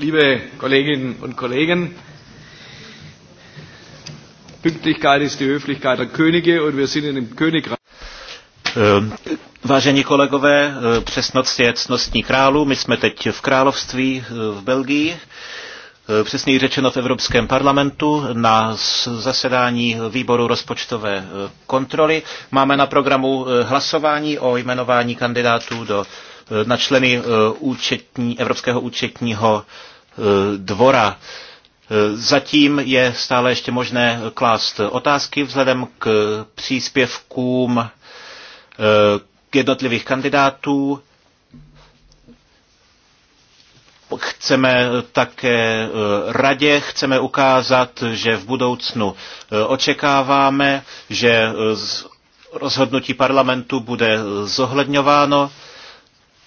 liebe Kolleginnen und Kollegen, Pünktlichkeit ist die Höflichkeit der Könige und wir sind in dem Königreich. Eh, vážení kolegové, eh, přesnost je cnostní králu. My jsme teď v království eh, v Belgii, přesněji řečeno v Evropském parlamentu, na zasedání výboru rozpočtové kontroly. Máme na programu hlasování o jmenování kandidátů do na členy účetní, Evropského účetního Eh, dvora. Eh, zatím je stále ještě možné klást otázky vzhledem k příspěvkům eh, jednotlivých kandidátů. Chceme také radě, chceme ukázat, že v budoucnu očekáváme, že rozhodnutí parlamentu bude zohledňováno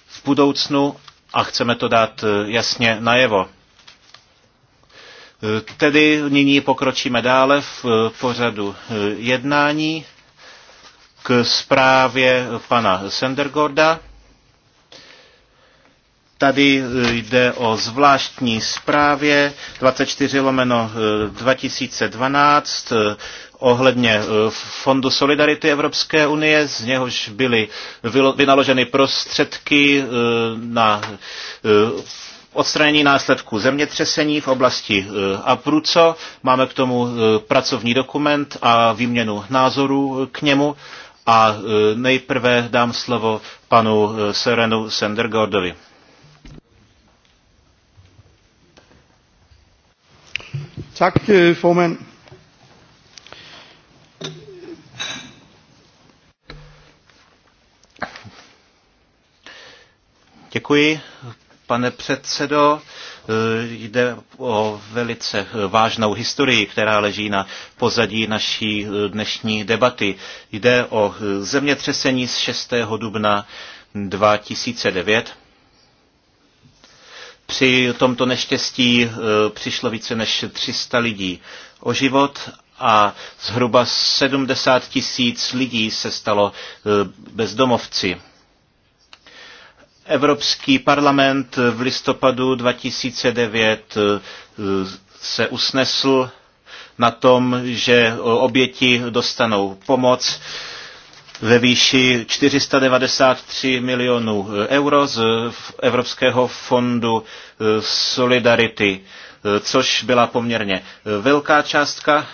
v budoucnu a chceme to dát e, jasně najevo. E, tedy nyní pokročíme dále v e, pořadu jednání k zprávě pana Sendergorda. Tady jde o zvláštní zprávě 24 lomeno 2012 ohledně eh, Fondu Solidarity Evropské unie, z něhož byly vynaloženy prostředky eh, na eh, odstranění následků zemětřesení v oblasti Abruzzo. Máme k tomu pracovní dokument a výměnu názorů k němu. A nejprve dám slovo panu Serenu Sendergordovi. Tak, formand. Děkuji, pane předsedo. Eh, jde o velice vážnou historii, která leží na pozadí naší eh, dnešní debaty. Jde o eh, zemětřesení z 6. dubna 2009. Při tomto neštěstí přišlo více než 300 lidí o život a zhruba 70 tisíc lidí se stalo bezdomovci. Evropský parlament v listopadu 2009 eh, se usnesl na tom, že oběti dostanou pomoc ve výši 493 milionů euro z Evropského fondu eh, Solidarity, eh, což byla poměrně velká částka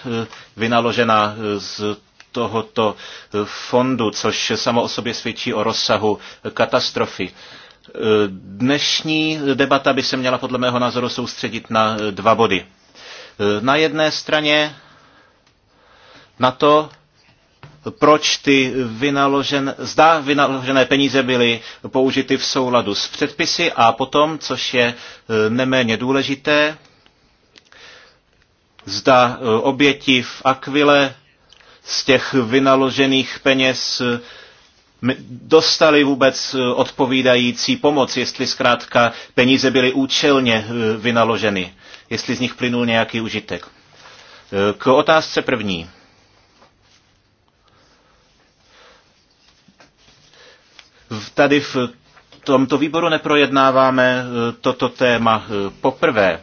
vynaložena z tohoto fondu, což samo o sobě svědčí o rozsahu katastrofy. Dnešní debata by se měla podle mého názoru soustředit na eh, dva body. Eh, na jedné straně na to, proč ty vynaložen, zdá vynaložené peníze byly použity v souladu s předpisy a potom, což je eh, neméně důležité, zda oběti v Akvile z těch vynaložených peněz dostali vůbec eh, odpovídající pomoc, jestli zkrátka peníze byly účelně eh, vynaloženy, jestli z nich plynul nějaký užitek. Eh, k otázce první. Tady v tomto výboru neprojednáváme toto téma poprvé.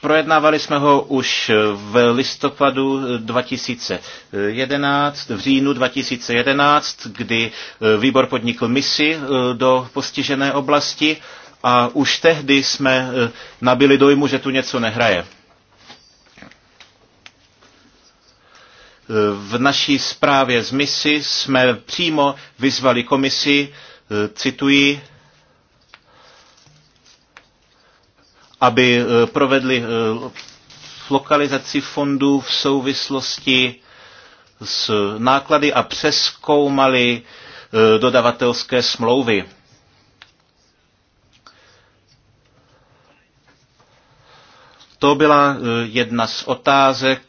Projednávali jsme ho už v listopadu 2011, v říjnu 2011, kdy výbor podnikl misi eh, do postižené oblasti a už tehdy jsme eh, nabili dojmu, že tu něco nehraje. Eh, v naší zprávě z misi jsme přímo vyzvali komisi, cituji, aby eh, provedli eh, lokalizaci fondů v souvislosti s náklady a přeskoumali eh, dodavatelské smlouvy. To byla jedna z otázek,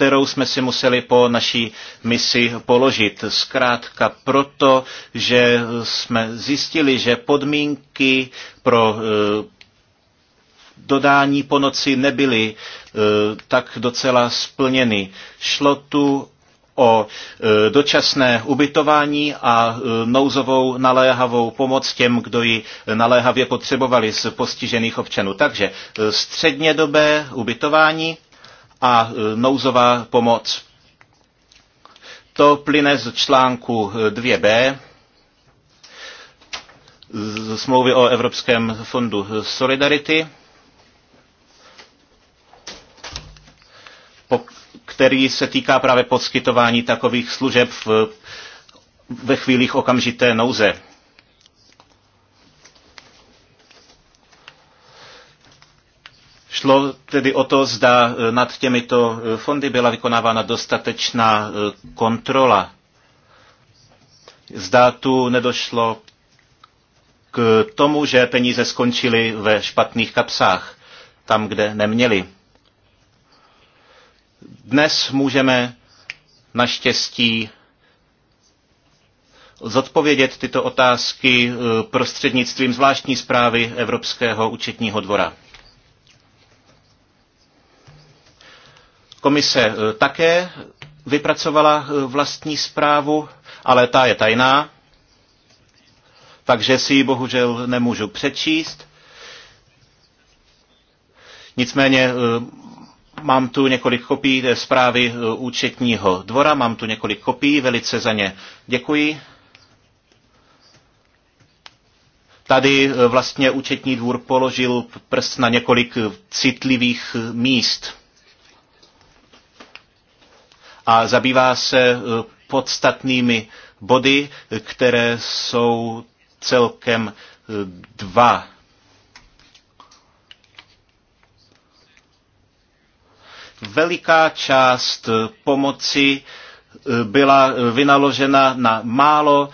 kterou jsme si museli po naší misi položit. Zkrátka proto, že jsme zjistili, že podmínky pro eh, dodání po noci nebyly eh, tak docela splněny. Šlo tu o eh, dočasné ubytování a nouzovou naléhavou pomoc těm, kdo ji naléhavě potřebovali z postižených občanů. Takže střednědobé ubytování a e, nouzová pomoc. To plyne z článku 2b e, z smlouvy o Evropském fondu Solidarity, který se týká právě poskytování takových služeb v, ve chvílích okamžité nouze. Šlo tedy o to, zda e, nad těmito e, fondy byla vykonávána dostatečná e, kontrola. Zda tu nedošlo k tomu, že peníze skončily ve špatných kapsách, tam, kde neměli. Dnes můžeme naštěstí zodpovědět tyto otázky prostřednictvím zvláštní zprávy Evropského účetního dvora. Komise eh, také vypracovala eh, vlastní zprávu, ale ta je tajná, takže si ji bohužel nemůžu přečíst. Nicméně eh, mám tu několik kopií té zprávy účetního dvora, mám tu několik kopií, velice za ně děkuji. Tady vlastně účetní dvůr položil prst na několik citlivých míst a zabývá se e, podstatnými body, které jsou celkem e, dva. Veliká část e, pomoci byla vynaložena na málo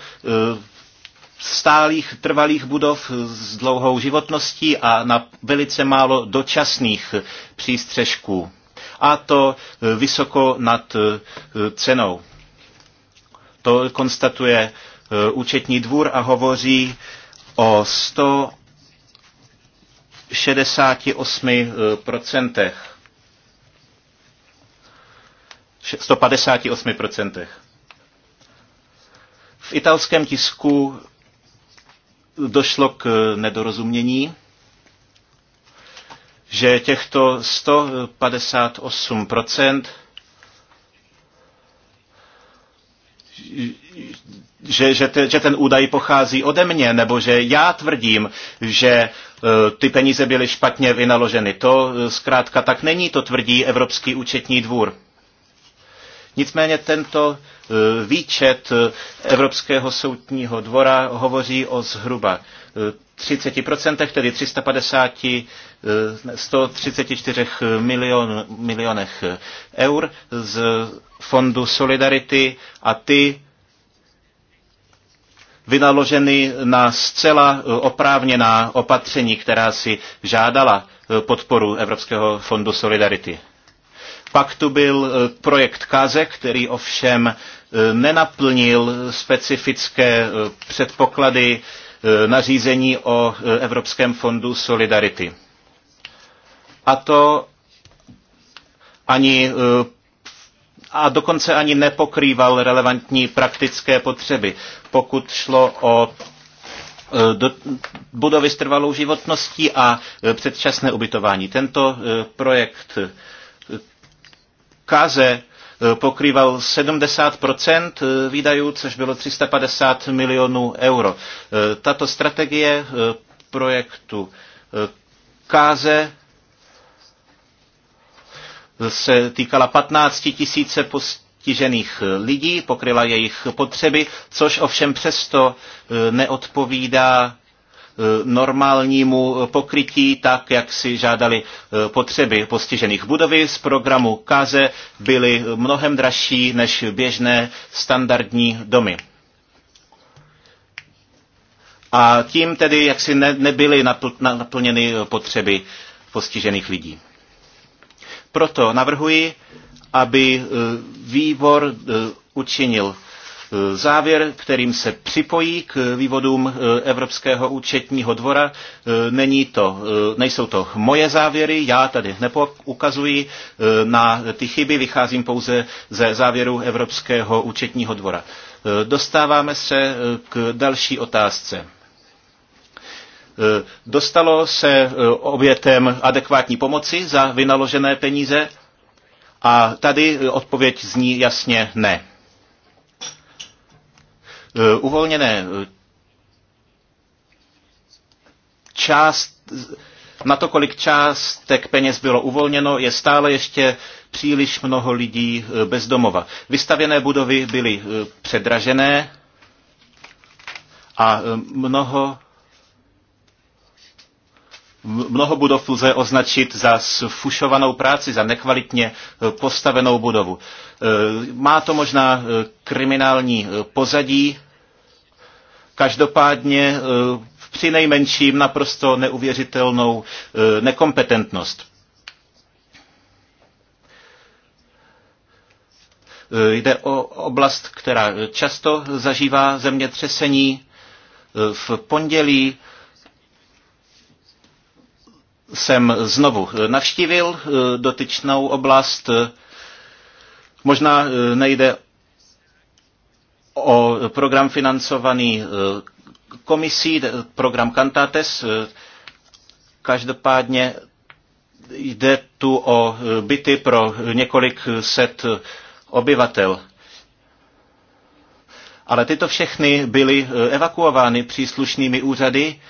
stálých trvalých budov s dlouhou životností a na velice málo dočasných přístřežků a to e, vysoko nad e, cenou. To konstatuje e, účetní dvůr a hovoří o 168%. 158%. V italském tisku došlo k nedorozumění že těchto 158% že, že, te, že ten údaj pochází ode mě, nebo že já tvrdím, že e, ty peníze byly špatně vynaloženy. To e, zkrátka tak není, to tvrdí Evropský účetní dvůr. Nicméně tento e, výčet Evropského soudního dvora hovoří o zhruba 30%, tedy 350, 134 eh, milion, milionech eur z fondu Solidarity a ty vynaloženy na zcela oprávněná opatření, která si žádala eh, podporu Evropského fondu Solidarity. Pak tu byl eh, projekt Kaze, který ovšem nenaplnil specifické předpoklady Eh, nařízení o eh, Evropském fondu Solidarity. A to ani eh, a dokonce ani nepokrýval relevantní praktické potřeby, pokud šlo o do, budovy s trvalou životností a předčasné ubytování. Tento projekt Kaze Eh, pokrýval 70 eh, výdajů, což bylo 350 milionů euro. Eh, tato strategie projektu Káze se týkala 15 tisíce postižených lidí, pokryla jejich potřeby, což ovšem přesto neodpovídá Eh, normálnímu pokrytí, tak jak si žádali eh, potřeby postižených. Budovy z programu KAZE byly mnohem dražší než běžné standardní domy. A tím tedy jaksi ne, nebyly naplněny potřeby postižených lidí. Proto navrhuji, aby eh, výbor učinil Eh, závěr, kterým se připojí k vývodům eh, Evropského účetního dvora, eh, není to, nejsou to moje závěry, já tady nepoukazuji na ty chyby, vycházím pouze ze závěru Evropského účetního dvora. Dostáváme se k další otázce. Dostalo se obětem adekvátní pomoci za vynaložené peníze? A tady odpověď zní jasně ne. Eh, uvolněné eh, část, na to, kolik částek peněz bylo uvolněno, je stále ještě příliš mnoho lidí eh, bez domova. Vystavěné budovy byly předražené a mnoho mnoho budov lze označit za sfušovanou práci, za nekvalitně postavenou budovu. Má to možná kriminální pozadí, Každopádně eh, při nejmenším naprosto neuvěřitelnou eh, nekompetentnost. Eh, jde o oblast, která často zažívá zemětřesení. V pondělí jsem znovu navštívil dotyčnou oblast. Možná nejde o program financovaný eh, komisí, program Cantates. Eh, každopádně jde tu o eh, byty pro několik set obyvatel. Ale tyto všechny byly evakuovány příslušnými úřady,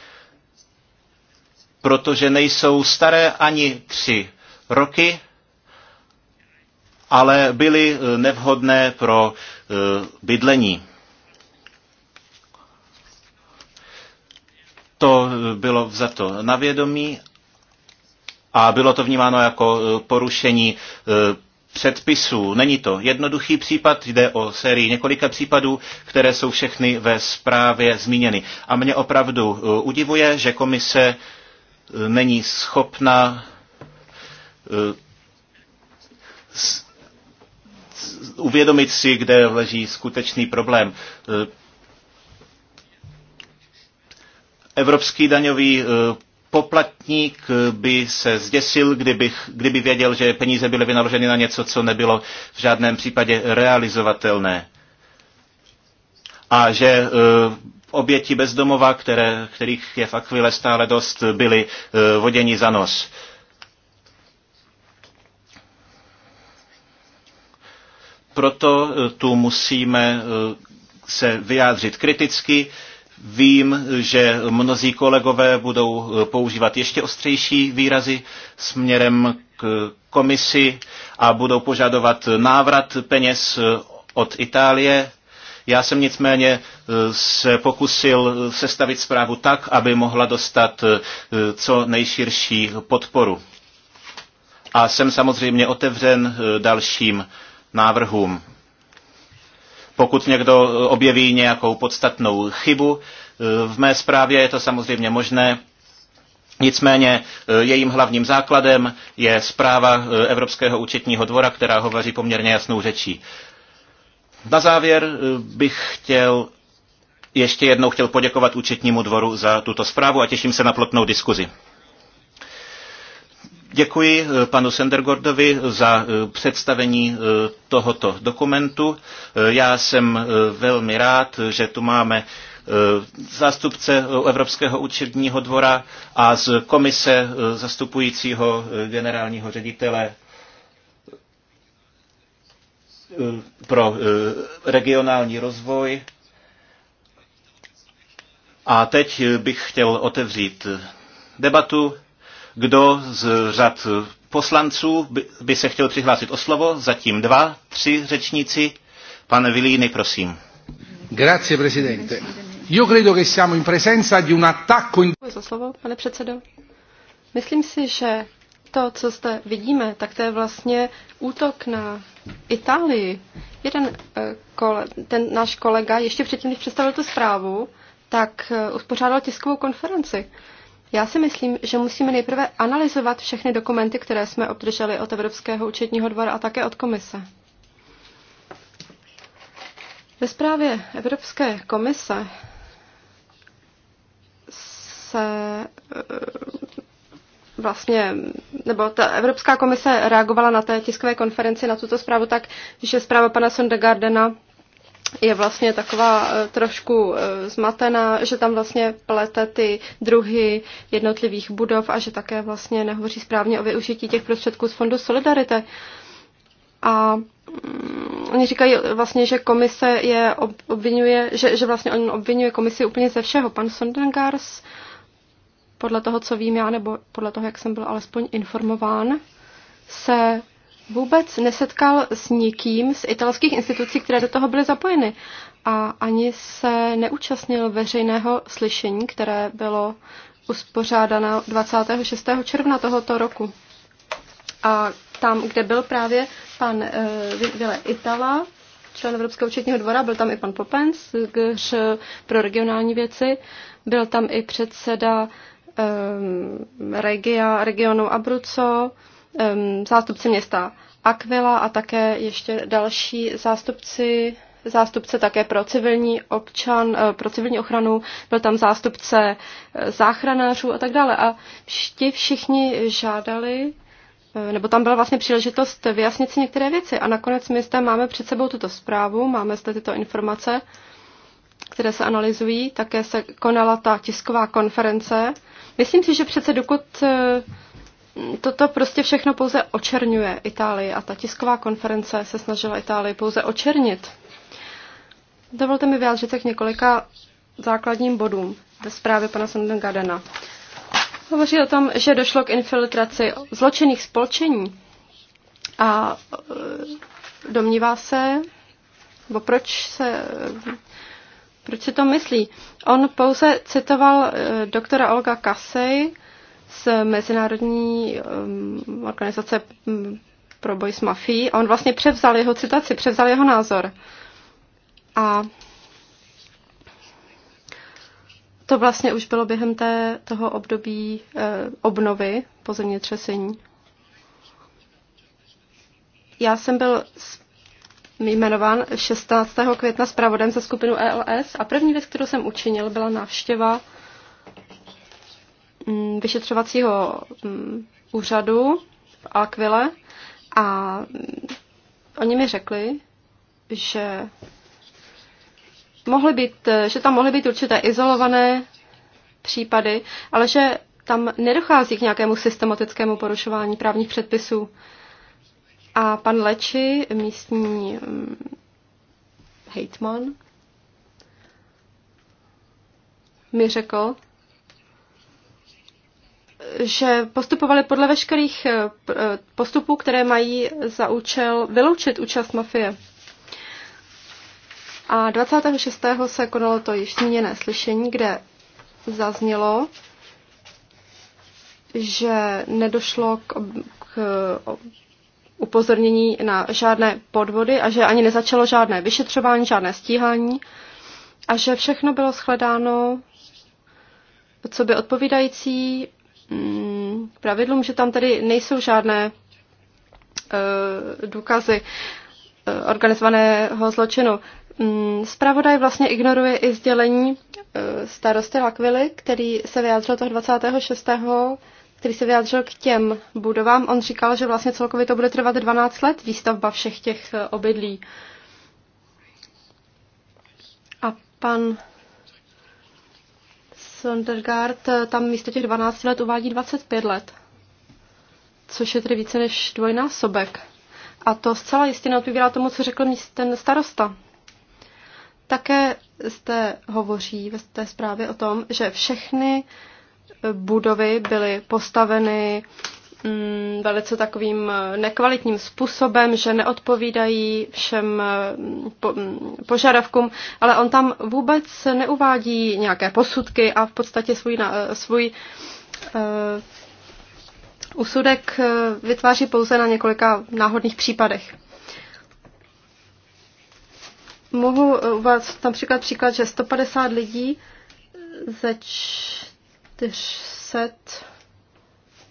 protože nejsou staré ani tři roky ale byly eh, nevhodné pro eh, bydlení. To eh, bylo vzato na vědomí a bylo to vnímáno jako porušení předpisů. Není to jednoduchý případ, jde o sérii několika případů, které jsou všechny ve zprávě zmíněny. A mě opravdu udivuje, že komise není schopna uvědomit si, kde leží skutečný problém. Evropský daňový eh, poplatník by se zděsil, kdyby, kdyby věděl, že peníze byly vynaloženy na něco, co nebylo v žádném případě realizovatelné. A že eh, oběti bezdomova, které, kterých je v Akvile stále dost, byly eh, voděni za nos. Proto e, tu musíme e, se vyjádřit kriticky. Vím, že mnozí kolegové budou e, používat ještě ostřejší výrazy směrem k komisi a budou požadovat návrat peněz od Itálie. Já jsem nicméně se pokusil sestavit zprávu tak, aby mohla dostat co nejširší podporu. A jsem samozřejmě otevřen dalším návrhům. Pokud někdo eh, objeví nějakou podstatnou chybu, eh, v mé zprávě je to samozřejmě možné, Nicméně eh, jejím hlavním základem je zpráva Evropského účetního dvora, která hovoří poměrně jasnou řečí. Na závěr bych chtěl ještě jednou chtěl poděkovat účetnímu dvoru za tuto zprávu a těším se na plotnou diskuzi. Děkuji eh, panu Sendergordovi za eh, představení eh, tohoto dokumentu. Já jsem velmi rád, že tu máme zástupce Evropského účetního dvora a z komise zastupujícího generálního ředitele pro regionální rozvoj. A teď bych chtěl otevřít debatu kdo z řad poslanců by, by se chtěl přihlásit o slovo? Zatím dva, tři řečníci. Pane Vilíny, prosím. Grazie, presidente. Io credo che siamo in presenza di un attacco in... Za slovo, pane předsedo. Myslím si, že to, co zde vidíme, tak to je vlastně útok na Itálii. Jeden eh, kole, ten náš kolega, ještě předtím, když představil tu zprávu, tak eh, uspořádal tiskovou konferenci. Já si myslím, že musíme nejprve analyzovat všechny dokumenty, které jsme obdrželi od Evropského účetního dvora a také od komise. Ve zprávě Evropské komise se eh, vlastně, nebo ta Evropská komise reagovala na té tiskové konferenci na tuto zprávu tak, že zpráva pana Sondegardena je vlastně taková eh, trošku eh, zmatená, že tam vlastně plete ty druhy jednotlivých budov a že také vlastně nehovoří správně o využití těch prostředků z Fondu Solidarity. A mm, oni říkají vlastně, že komise je obvinuje, že, že vlastně on obvinuje komisi úplně ze všeho. Pan Sondengars, podle toho, co vím já, nebo podle toho, jak jsem byl alespoň informován, se vůbec nesetkal s nikým z italských institucí, které do toho byly zapojeny. A ani se neúčastnil veřejného slyšení, které bylo uspořádáno 26. června tohoto roku. A tam, kde byl právě pan eh, Vile uh, Itala, člen Evropského účetního dvora, byl tam i pan Popens, kř pro regionální věci, byl tam i předseda um, regia, regionu Abruzzo, um, Ehm, zástupci města Aquila a také ještě další zástupci zástupce také pro civilní občan, eh, pro civilní ochranu, byl tam zástupce eh, záchranářů a tak dále. A ti všichni žádali, eh, nebo tam byla vlastně příležitost vyjasnit si některé věci. A nakonec my zde máme před sebou tuto zprávu, máme zde tyto informace, které se analyzují. Také se konala ta tisková konference. Myslím si, že přece dokud toto prostě všechno pouze očerňuje Itálii a ta tisková konference se snažila Itálii pouze očernit. Dovolte mi vyjádřit se k několika základním bodům ve zprávě pana Gadena. Hovoří o tom, že došlo k infiltraci zločinných spolčení a e, domnívá se, bo proč se, proč si to myslí? On pouze citoval e, doktora Olga Kasej, z Mezinárodní um, organizace um, pro boj s mafií a on vlastně převzal jeho citaci, převzal jeho názor. A to vlastně už bylo během té, toho období eh, obnovy po zemětřesení. Já jsem byl jmenován 16. května zpravodem za skupinu ELS a první věc, kterou jsem učinil, byla návštěva Mm, vyšetřovacího mm, úřadu v Alkvile a mm, oni mi řekli, že mohly být, že tam mohly být určité izolované případy, ale že tam nedochází k nějakému systematickému porušování právních předpisů. A pan Leči, místní hejtman, mi řekl, že postupovali podle veškerých eh, eh, postupů, které mají za účel vyloučit účast mafie. A 26. se konalo to již zmíněné slyšení, kde zaznělo, že nedošlo k, k upozornění na žádné podvody a že ani nezačalo žádné vyšetřování, žádné stíhání a že všechno bylo shledáno co by odpovídající Mm, pravidlům, že tam tady nejsou žádné e, důkazy e, organizovaného zločinu. Spravodaj mm, vlastně ignoruje i sdělení e, starosty Lakvily, který se vyjádřil toho 26 který se vyjádřil k těm budovám. On říkal, že vlastně celkově to bude trvat 12 let, výstavba všech těch obydlí. A pan Sondergaard tam místo těch 12 let uvádí 25 let, což je tedy více než dvojnásobek. A to zcela jistě neodpovídá tomu, co řekl ten starosta. Také zde hovoří ve té zprávě o tom, že všechny budovy byly postaveny Mm, velice takovým eh, nekvalitním způsobem, že neodpovídají všem eh, mm, požadavkům, ale on tam vůbec neuvádí nějaké posudky a v podstatě svůj, eh, svůj uh, usudek vytváří pouze na několika náhodných případech. Mohu uvést tam příklad, příklad, že 150 lidí ze 400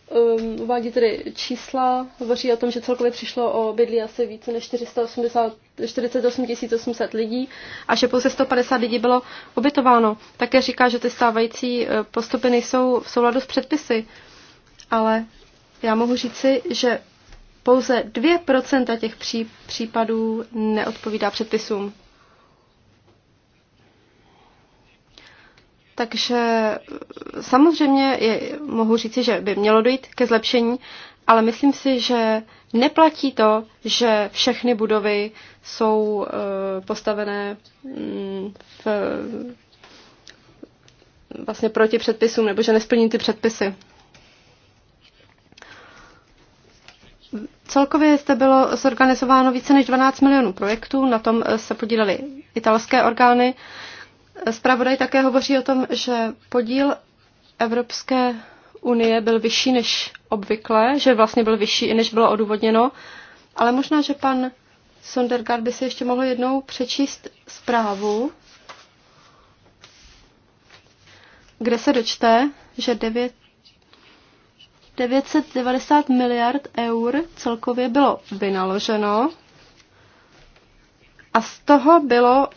um, uvádí tedy čísla, hovoří o tom, že celkově přišlo o bydlí asi více než 480, 48 800 lidí a že pouze 150 lidí bylo obytováno. Také říká, že ty stávající eh, postupy nejsou v souladu s předpisy, ale já mohu říci, že pouze 2% těch pří, případů neodpovídá předpisům. Takže eh, samozřejmě je, mohu říci, že by mělo dojít ke zlepšení, ale myslím si, že neplatí to, že všechny budovy jsou eh, postavené mm, v, vlastně proti předpisům nebo že nesplní ty předpisy. Celkově zde bylo zorganizováno více než 12 milionů projektů, na tom eh, se podílely italské orgány. Spravodaj také hovoří o tom, že podíl Evropské unie byl vyšší než obvykle, že vlastně byl vyšší, než bylo odůvodněno, ale možná, že pan Sondergaard by si ještě mohl jednou přečíst zprávu, kde se dočte, že 9, 990 miliard eur celkově bylo vynaloženo a z toho bylo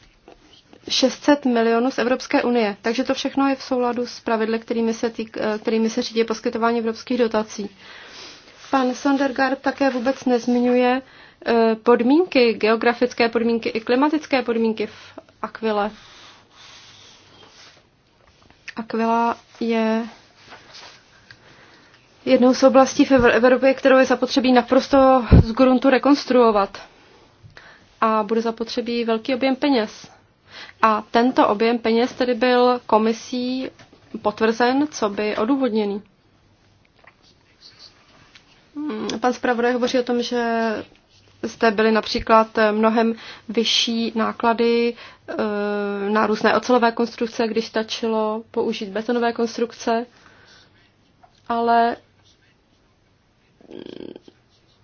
600 milionů z Evropské unie. Takže to všechno je v souladu s pravidly, kterými se, týk, eh, kterými se řídí poskytování evropských dotací. Pan Sondergaard také vůbec nezmiňuje eh, podmínky, geografické podmínky i klimatické podmínky v Aquile. Aquila je jednou z oblastí v Evropě, kterou je zapotřebí naprosto z gruntu rekonstruovat. A bude zapotřebí velký objem peněz. A tento objem peněz tedy byl komisí potvrzen, co by odůvodněný. Hmm, pan zpravodaj hovoří o tom, že zde byly například mnohem vyšší náklady eh, na různé ocelové konstrukce, když stačilo použít betonové konstrukce, ale mm,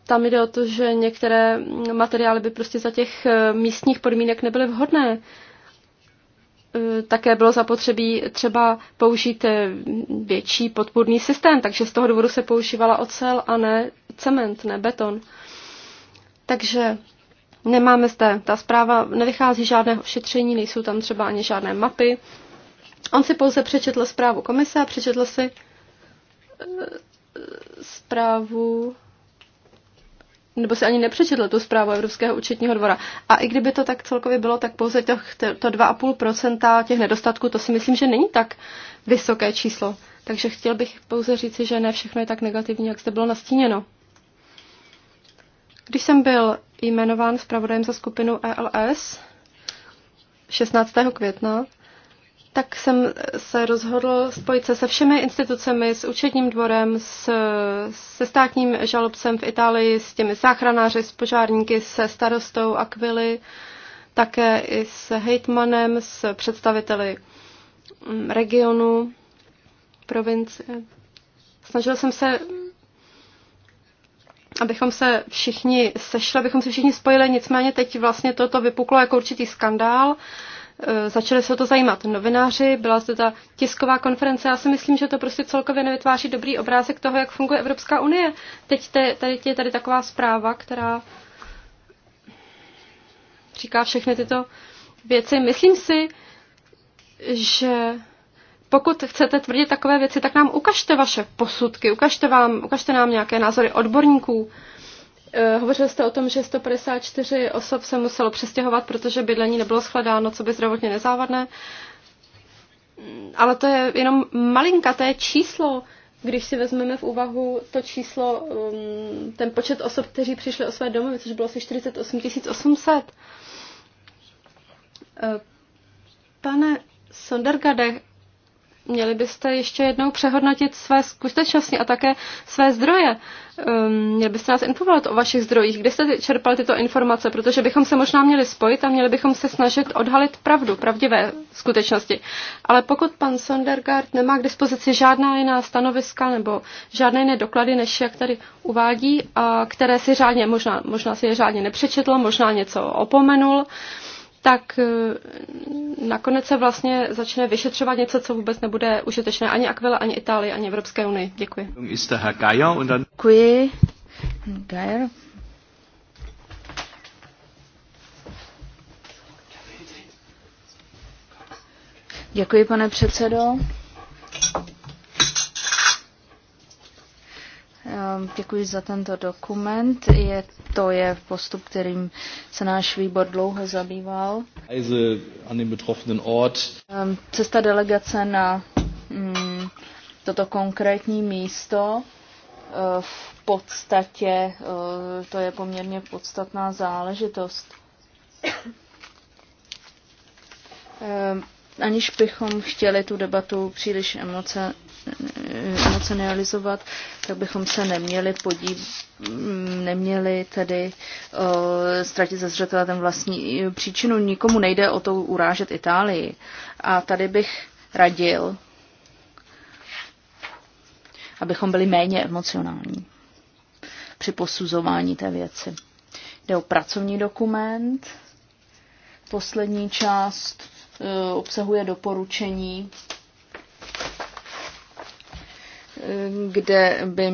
tam jde o to, že některé materiály by prostě za těch eh, místních podmínek nebyly vhodné také bylo zapotřebí třeba použít eh, větší podpůrný systém, takže z toho důvodu se používala ocel a ne cement, ne beton. Takže nemáme zde, ta zpráva nevychází žádného šetření, nejsou tam třeba ani žádné mapy. On si pouze přečetl zprávu komise a přečetl si eh, zprávu nebo si ani nepřečetl tu zprávu Evropského účetního dvora. A i kdyby to tak celkově bylo, tak pouze těch, to 2,5% těch nedostatků, to si myslím, že není tak vysoké číslo. Takže chtěl bych pouze říci, že ne všechno je tak negativní, jak zde bylo nastíněno. Když jsem byl jmenován zpravodajem za skupinu ELS 16. května, tak jsem se rozhodl spojit se se všemi institucemi, s účetním dvorem, s, se státním žalobcem v Itálii, s těmi záchranáři, s požárníky, se starostou Akvily, také i s hejtmanem, s představiteli mm, regionu, provincie. Snažil jsem se, abychom se všichni sešli, abychom se všichni spojili, nicméně teď vlastně toto vypuklo jako určitý skandál Eh, začali se o to zajímat novináři, byla zde ta tisková konference. Já si myslím, že to prostě celkově nevytváří dobrý obrázek toho, jak funguje Evropská unie. Teď te, tady je tady taková zpráva, která říká všechny tyto věci. Myslím si, že pokud chcete tvrdit takové věci, tak nám ukažte vaše posudky, ukažte, vám, ukažte nám nějaké názory odborníků. Eh, hovořil jste o tom, že 154 osob se muselo přestěhovat, protože bydlení nebylo shledáno, co by zdravotně nezávadné. Ale to je jenom to je číslo, když si vezmeme v úvahu to číslo, um, ten počet osob, kteří přišli o své domy, což bylo asi 48 800. Eh, pane Sondergade, Měli byste ještě jednou přehodnotit své skutečnosti a také své zdroje. Um, měli byste nás informovat o vašich zdrojích, kde jste čerpal tyto informace, protože bychom se možná měli spojit a měli bychom se snažit odhalit pravdu, pravdivé skutečnosti. Ale pokud pan Sondergaard nemá k dispozici žádná jiná stanoviska nebo žádné jiné doklady, než jak tady uvádí, a které si řádně, možná, možná si je řádně nepřečetl, možná něco opomenul, um, tak eh, nakonec se vlastně začne vyšetřovat něco, co vůbec nebude užitečné ani Aquila, ani Itálii, ani Evropské unii. Děkuji. Děkuji. Geier. Děkuji, pane předsedo. děkuji za tento dokument. Je, to je postup, kterým se náš výbor dlouho zabýval. Ehm, cesta delegace na mm, toto konkrétní místo eh, v podstatě eh, to je poměrně podstatná záležitost. Ehm, aniž bychom chtěli tu debatu příliš emoce emocionalizovat, tak bychom se neměli podívat, neměli tedy uh, ztratit ze zřetele ten vlastní e, příčinu. Nikomu nejde o to urážet Itálii. A tady bych radil, abychom byli méně emocionální při posuzování té věci. Jde o pracovní dokument. Poslední část e, obsahuje doporučení kde by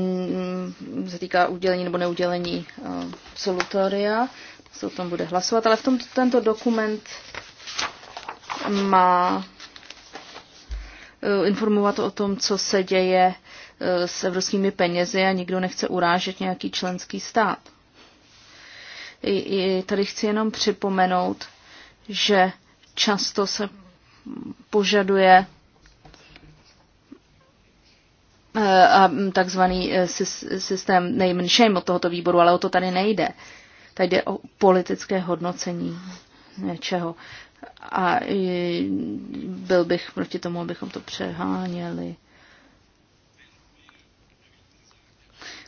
se týká udělení nebo neudělení eh, absolutoria. Se o tom bude hlasovat, ale v tom tento dokument má eh, informovat o tom, co se děje eh, s evropskými penězi a nikdo nechce urážet nějaký členský stát. I, i tady chci jenom připomenout, že často se požaduje Eh, a mm, takzvaný eh, systém nejmenším od tohoto výboru, ale o to tady nejde. Tady jde o politické hodnocení něčeho. A eh, byl bych proti tomu, abychom to přeháněli.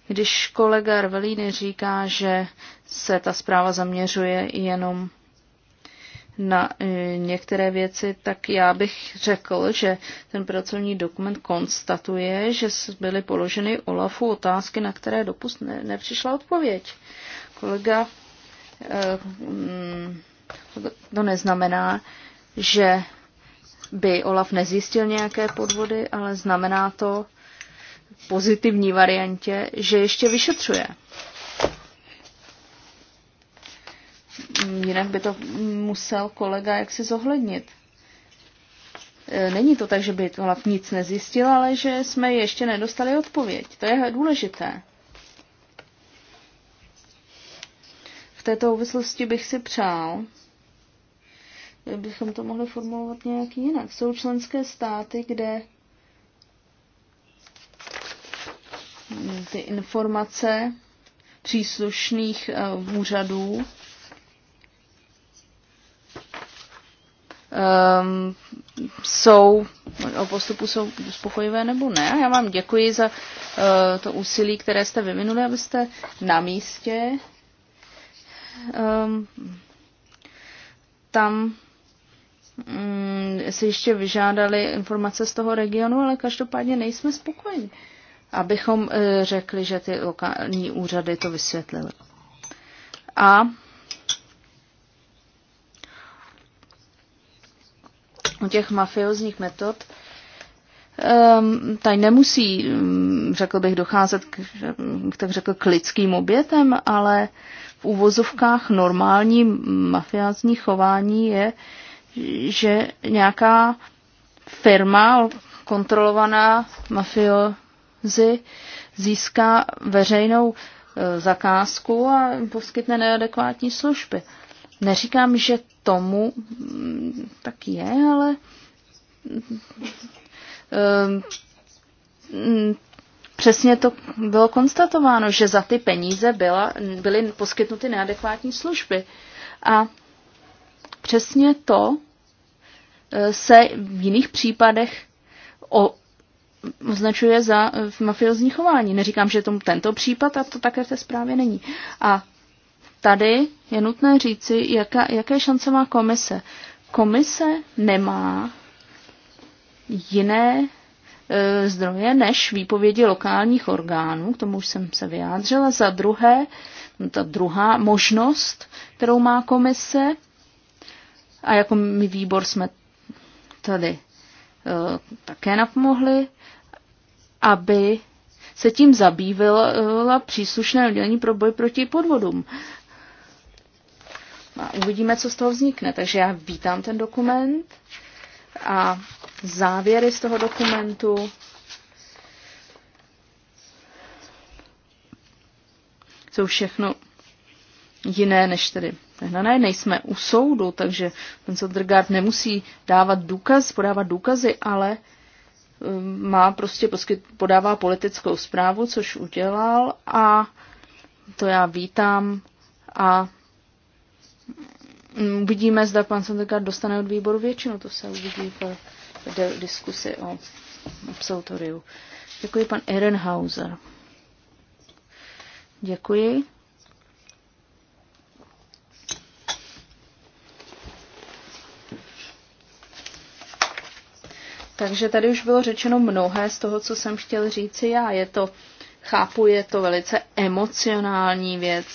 Když kolega Rvelíny říká, že se ta zpráva zaměřuje jenom na e, některé věci, tak já bych řekl, že ten pracovní dokument konstatuje, že byly položeny Olafu otázky, na které dopust ne, nepřišla odpověď. Kolega, e, mm, to neznamená, že by Olaf nezjistil nějaké podvody, ale znamená to v pozitivní variantě, že ještě vyšetřuje. jinak by to musel kolega jaksi zohlednit. E, není to tak, že by to nic nezjistil, ale že jsme ještě nedostali odpověď. To je důležité. V této souvislosti bych si přál, bychom to mohli formulovat nějak jinak. Jsou členské státy, kde ty informace příslušných e, úřadů um, jsou o postupu jsou uspokojivé nebo ne. Já vám děkuji za uh, to úsilí, které jste vyvinuli, abyste na místě um, tam um, si ještě vyžádali informace z toho regionu, ale každopádně nejsme spokojeni, abychom uh, řekli, že ty lokální úřady to vysvětlily. A u těch mafiozních metod, ehm, tady nemusí, mm, řekl bych, docházet k, tak řekl, k lidským obětem, ale v uvozovkách normální mafiázní chování je, že nějaká firma kontrolovaná mafiozy získá veřejnou e, zakázku a poskytne neadekvátní služby. Neříkám, že tomu mm, tak je, ale mm, mm, přesně to bylo konstatováno, že za ty peníze byla, byly poskytnuty neadekvátní služby. A přesně to eh, se v jiných případech o, označuje za eh, mafiozní chování. Neříkám, že tomu tento případ a to také v té zprávě není. A tady je nutné říci, jaká, jaké šance má komise. Komise nemá jiné e, zdroje než výpovědi lokálních orgánů, k tomu už jsem se vyjádřila. Za druhé, no, ta druhá možnost, kterou má komise, a jako my výbor jsme tady e, také napomohli, aby se tím zabývala příslušné oddělení pro boj proti podvodům. A uvidíme, co z toho vznikne. Takže já vítám ten dokument a závěry z toho dokumentu. Jsou všechno jiné než tedy ne, nejsme u soudu, takže ten Sodrgard nemusí dávat důkaz, podávat důkazy, ale um, má prostě poskyt, podává politickou zprávu, což udělal a to já vítám a Mm, uvidíme, zda pan Sandegard dostane od výboru většinu, to se uvidí v diskusi o absolutoriu. Děkuji pan Ehrenhauser. Děkuji. Takže tady už bylo řečeno mnohé z toho, co jsem chtěl říci já. Je to Chápu, je to velice emocionální věc.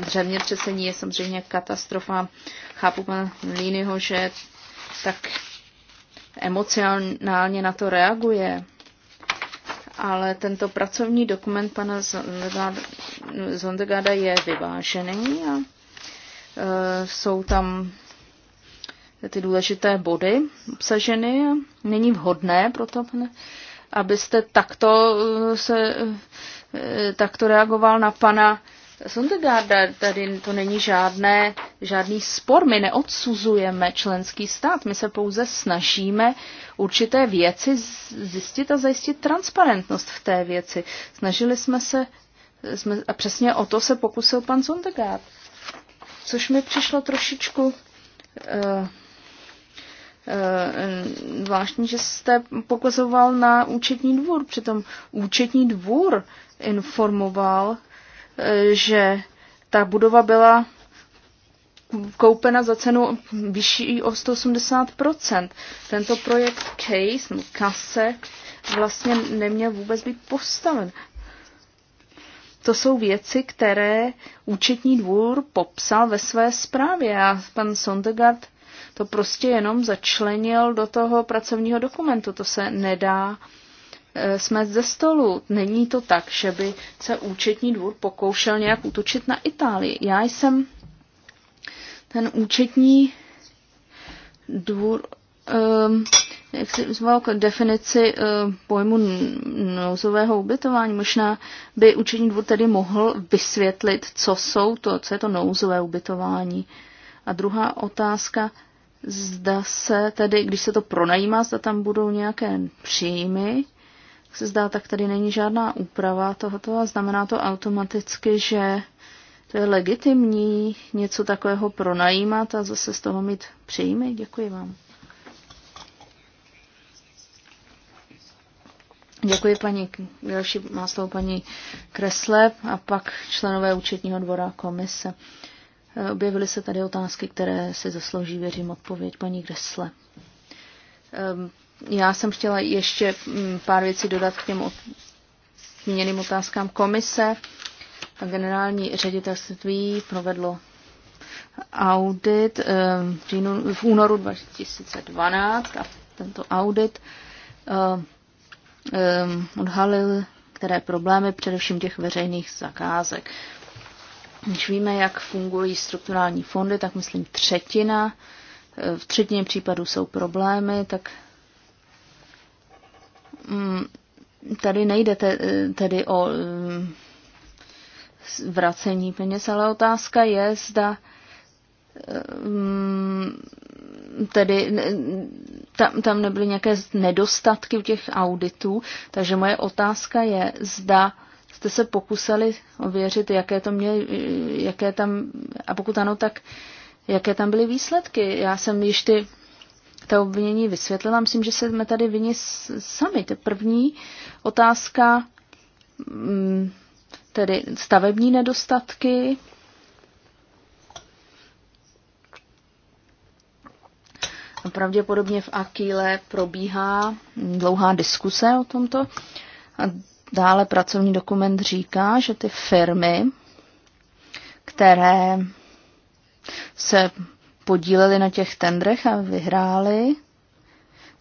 Dřevně přesení je samozřejmě katastrofa. Chápu pana Línyho, že tak emocionálně na to reaguje. Ale tento pracovní dokument pana Zondegada je vyvážený a e, jsou tam ty důležité body obsaženy. Není vhodné to, pane abyste takto eh, se eh, takto reagoval na pana Sundegarda. Tady to není žádné, žádný spor. My neodsuzujeme členský stát. My se pouze snažíme určité věci zjistit a zajistit transparentnost v té věci. Snažili jsme se jsme, a přesně o to se pokusil pan Sundegard. Což mi přišlo trošičku uh, Eh, zvláštní, že jste pokazoval na účetní dvůr. Přitom účetní dvůr informoval, eh, že ta budova byla koupena za cenu vyšší o 180%. Tento projekt Case, kase, vlastně neměl vůbec být postaven. To jsou věci, které účetní dvůr popsal ve své zprávě a pan Sondegard to prostě jenom začlenil do toho pracovního dokumentu. To se nedá jsme eh, ze stolu. Není to tak, že by se účetní dvůr pokoušel nějak útočit na Itálii. Já jsem ten účetní dvůr um, jak si zval k definici um, pojmu nouzového ubytování. Možná by účetní dvůr tedy mohl vysvětlit, co jsou to, co je to nouzové ubytování. A druhá otázka, zda se tedy, když se to pronajímá, zda tam budou nějaké příjmy, se zdá, tak tady není žádná úprava tohoto a znamená to automaticky, že to je legitimní něco takového pronajímat a zase z toho mít příjmy. Děkuji vám. Děkuji paní, další má slovo paní Kresle a pak členové účetního dvora komise. Eh, objevily se tady otázky, které si zaslouží, věřím, odpověď paní Gresle. Ehm, já jsem chtěla ještě mm, pár věcí dodat k těm zmíněným otázkám komise. A generální ředitelství provedlo audit ehm, v únoru 2012 a tento audit ehm, odhalil které problémy, především těch veřejných zakázek. Když víme, jak fungují strukturální fondy, tak myslím třetina, eh, v třetině případů jsou problémy, tak mm, tady nejde eh, tedy o eh, vracení peněz, ale otázka je, zda mm, tedy tam, tam nebyly nějaké nedostatky u těch auditů, takže moje otázka je, zda jste se pokusili ověřit, jaké, to mě, jaké tam, a pokud ano, tak jaké tam byly výsledky. Já jsem již ty ta obvinění vysvětlila. Myslím, že jsme tady vině sami. To první otázka, mm, tedy stavební nedostatky, Pravděpodobně v Akile probíhá dlouhá diskuse o tomto. A Dále pracovní dokument říká, že ty firmy, které se podílely na těch tendrech a vyhrály,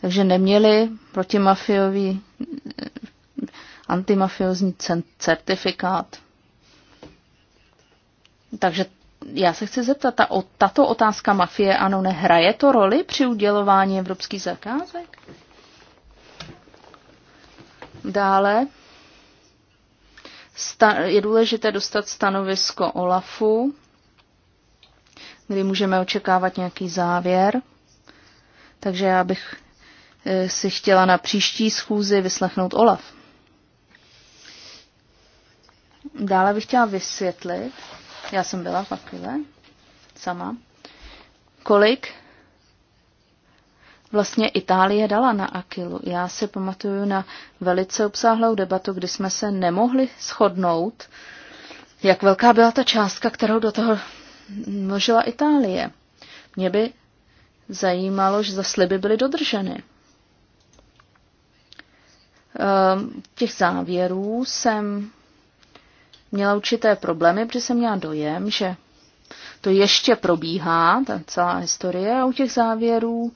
takže neměly protimafiový antimafiozní certifikát. Takže já se chci zeptat, ta, tato otázka mafie ano nehraje to roli při udělování evropských zakázek? Dále je důležité dostat stanovisko OLAFu, kdy můžeme očekávat nějaký závěr. Takže já bych eh, si chtěla na příští schůzi vyslechnout OLAF. Dále bych chtěla vysvětlit, já jsem byla v sama, kolik vlastně Itálie dala na Akilu. Já si pamatuju na velice obsáhlou debatu, kdy jsme se nemohli shodnout, jak velká byla ta částka, kterou do toho vložila Itálie. Mě by zajímalo, že za sliby byly dodrženy. Ehm, těch závěrů jsem měla určité problémy, protože jsem měla dojem, že to ještě probíhá, ta celá historie a u těch závěrů